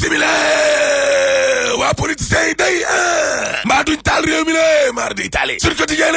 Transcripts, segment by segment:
simile waa politicien yi day taal réew mi la mardi tali sur quotidien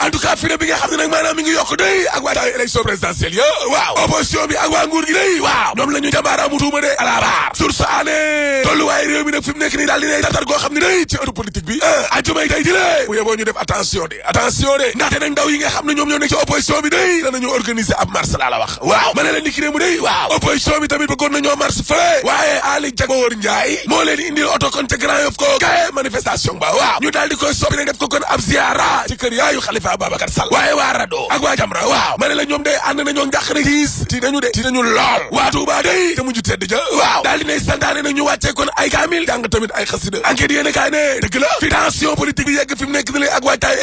en tout cas fi ne bi nga xam ne nag maanaam mi ngi yokk day ak waa taay élection présidentielle ya waaw opposition bi ak waa nguur gi day waaw ñoom la ñu jambaaraamu tuuma de à la barre sur sa année tolluwaay réew mi nag fi mu nekk nii daal di ne tartar goo xam ne day ci ëttu politique bi ajumay ah, tay ji lée bu yeboo ñu def attention de attention de ndaxte nag ndaw yi nga xam ne ñoom ñoo nekk ci opposition bi day danañu organiser ab marche laa la wax waaw ma ne leen niki ne mu day waaw opposition bi tamit bëggoon nañoo marche fële waaye Ali Jagoor Njaay moo leen indil oto kon ca Grand Yoff ko gaye manifestation ba waaw daal di koy soppi ne def ko kon ab ziara ci kër yaayu Khalifa Ababacar Sall waaye waa rado ak waa Jamra waaw ma ne la ñoom day ànd nañoo njàqare tiis ti nañu de ti nañu lool waa Touba day te ja waaw daal di nay ñu wàccee ay kaamil jàng tamit ay xasida enquête yéen a kaay ne fi tension politique bi yegg fi mu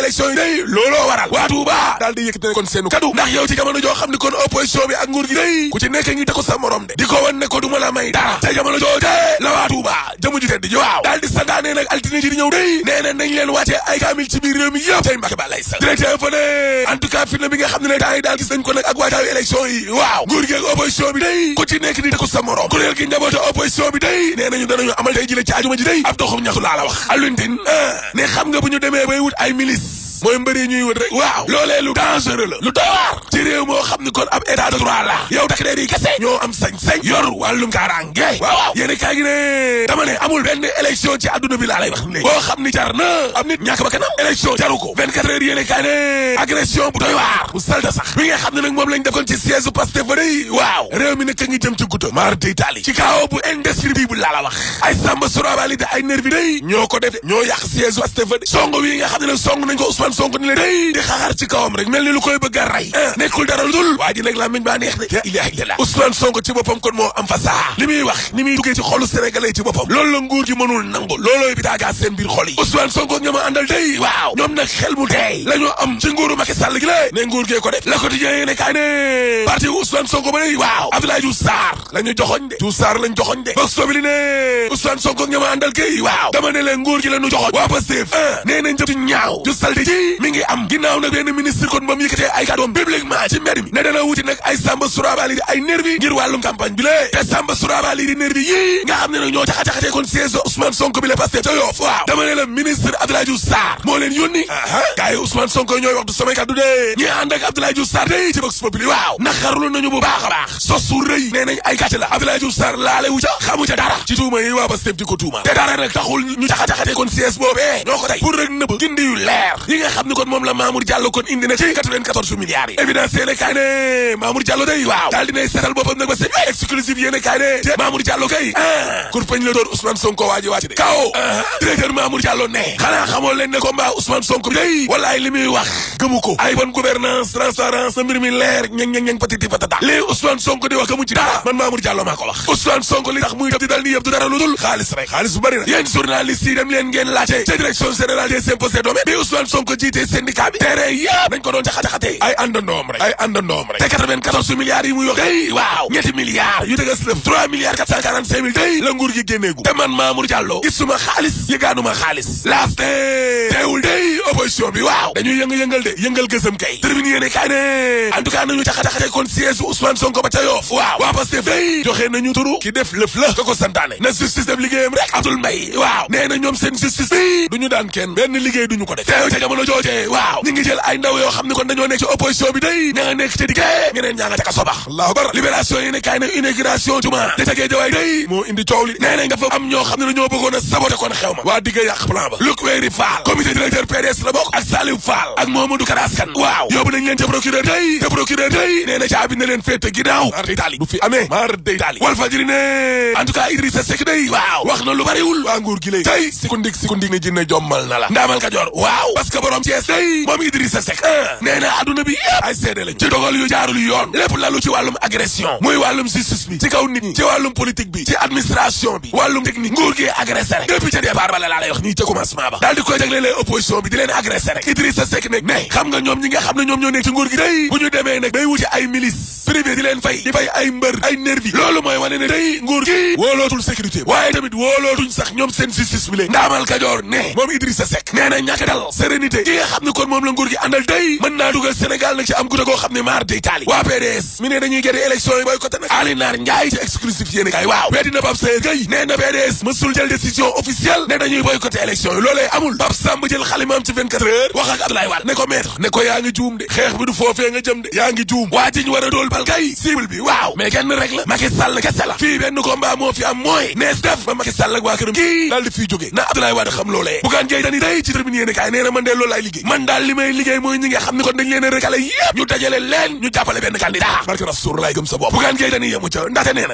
élection yi day looloo waral waa Touba daal di yëkkate kon seenu kaddu ndax yow ci jamono joo xam ne kon opposition bi ak nguur gi day ku ci nekk ngi takku sa morom ko wan ne ko du ma la may dara ba lay sal danañu amal tey ji ci ajuma ji day ab doxum ñaxtu laa wax Alioune ah, ne xam nga bu ñu demee bay wut ay milice mooy mbër yi ñuy wër rek waaw loolee lu dangereux la lu doy ci réew moo xam kon ab état de droit la yow takk dee di kese ñoo am sañ-sañ yor wàllum kaaraange waaw waaw yéen kaa gi ne dama ne amul benn élection ci àdduna bi laa lay wax léegi boo xam ni jar na am nit ñàkk ba kanam élection jaru ko 24 heures yéen kaa ne agression bu doy waar bu salta sax bi nga xam ne nag moom lañ defoon ci siège Pastef fa day waaw réew mi nekk ngi jëm ci gudda maar day ci kaaw bu indescriptible laa la wax ay samba sorabali da ay nervi day ñoo ko def ñoo yàq siège Pastef fa de song wi nga xam ne nañ ko Ousmane Sonko ni la day di xaxar ci kawam rek mel ni lu koy bëgg a rey nekkul dara dul waa ji nag làmmiñ baa neex de ilaha illallah Ousmane Sonko ci boppam kon moo am fa saa li muy wax ni muy duggee ci xolu sénégalais ci boppam loolu la nguur gi mënul nangu loolooy bi taagaa seen biir xol yi Ousmane Sonko ñooma àndal day waaw ñoom nag xel mu tey la ñoo am ci nguuru Macky Sall gi lée ne nguur gee ko def la quotidien yi ne kaay ne parti Ousmane Sonko ba day waaw Abdoulaye Diouf Sarr la ñu joxoñ day mi ngi am ginnaaw nag benn ministre kon ba mu yëkkatee ay kàddoom publiquement ci mbedd mi ne dana wuti nag ay samba surabaali di ay nervi ngir wàllum campagne bi lée te samba surabaali di nervi yii nga xam ne ñoo caxa-caxatee kon siège Ousmane Sonko bi la ca Yoff waaw dama ne ministre Abdoulaye Diouf moo leen yónni aa gars yi Ousmane ñooy wax du samay dee ñi ànd ak Abdoulaye Diouf ci Vox Populi waaw naqarlu nañu bu a ñu caxa nga xam ni kon moom la Mamour Diallo kon indi na ci 94 milliards yi évidence yéene ba seen exclusive yéene kaay ne te Mamour Diallo kay ah kurpañ la door Ousmane Sonko waaji wàcc de kaw ah, directeur Mamour Diallo ne xanaa xamoo leen ne ko mbaa Ousmane Sonko day wallaay li muy wax gëmu ay bonne gouvernance transparence na mbir mi leer ñang ñang ñang patiti patata lii Ousmane Sonko di wax gëmu ci daa man Mamour Diallo maa ko wax Ousmane Sonko li tax muy def dal ni yëpp du dara lu jiitee syndicat bi teere yëpp dañ ko doon jaxajaxatee ay àndandoom rek ay àndandoom rek te 94 milliards yi mu yox day waaw ñetti milliards yu dëggas lëf 3 milliards 445 mille day la nguur gi génneegu te man Mamour Diallo gisuma xaalis yëgaanuma xaalis laas teewul opposition bi waaw dañuy yënga-yëngal de yëngal gësëm kay termine yéene kay ne en tout cas nañu caxa-caxate kon siège Ousmane Sonko ba ca waaw waa Pastef day joxe nañu turu ki def lëf la ka ko santaane na justice def liggéeyam rek Abdoul Mbaye waaw nee ñoom seen justice bi du ñu daan kenn benn liggéey du ko def teew ca jooje waaw ñi ngi jël ay ndaw yoo xam ne kon dañoo nekk ci opposition bi day ña nekk ci dikkee ñeneen ñaa nga ca kaso libération yéene kay a bokk ak Saliou Fall ak Mamadou Karaas Kan waaw yóbbu nañ leen ca procureur tey te procureur tey nee na caabi na leen amee wal fajiri ne en tout cas day waaw wax na lu bariwul waa nguur gi lay tey sikundik sikundik ne jinne jommal na la ndaamal Kajoor waaw parce que borom day moom Idrissa Seck ah. nee na adduna bi yëpp ay seede ci dogal yu jaarul yoon lépp lalu ci wàllum agression muy wàllum justice bi ci kaw nit ci wàllum politique bi ci administration agressé rek Idrissa ne xam nga ñoom ñi nga xam ne ñoom ñoo nekk ci nguur gi day bu ñu demee nag day wuti ay milice privé di leen fay di fay ay mbër ay nervi loolu mooy wane ne tey nguur gi wóolootul sécurité waaye tamit wóolootuñ sax ñoom seen justice bi lee ndaamal kajoor ne moom Idrissa Seck nee na ñàkk dal sérénité gi xam ne kon moom la nguur gi àndal tey mën naa dugal Sénégal nag ci am guta koo xam ne maar day taali waa PDS mi ne dañuy géré élection yi boycotté nag Ali Naar ci exclusif yéene waaw weddi na Samb jël xalimaam ci 24 heures a jàppal kay waa kaay nee na a rekale yëpp benn candidat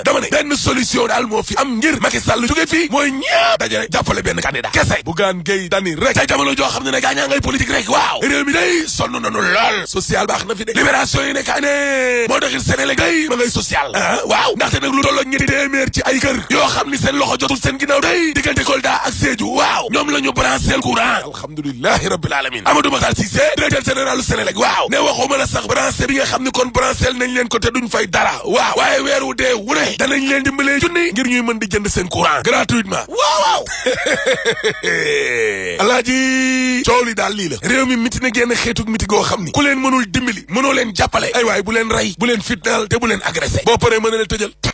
daal moo am ngir Macky Sall jóge fii mooy ñëpp dajale jàppale benn candidat kese bugaan gay dani rek tey jamono xam ne ne gaa ñaa rek waaw réew mi day sonn nanu lool baax na fi de libération yi ne kaane Tahir Sénélec day ma ngay social ah waaw ndaxte nag lu tolloo ñetti téeméer ci ay kër yoo xam ni seen loxo jotul seen ginnaaw day diggante Kolda ak Sédhiou waaw ñoom la ñu branché courant alhamdulilahi rabbil alamin Amadou Makhtar Cissé directeur général du Sénélec waaw ne waxuma la sax branché bi nga xam ni kon branché nañ leen ko te duñ fay dara waaw waaye weer wu dee wu ne danañ leen dimbalee junni ngir ñuy mën di jënd seen courant gratuitement waaw waaw alaaji coow li daal lii la mi miti na génn xeetu miti goo xam ni ku leen mënul dimbali leen fitnaal te bu leen agressé boo paree mën na leen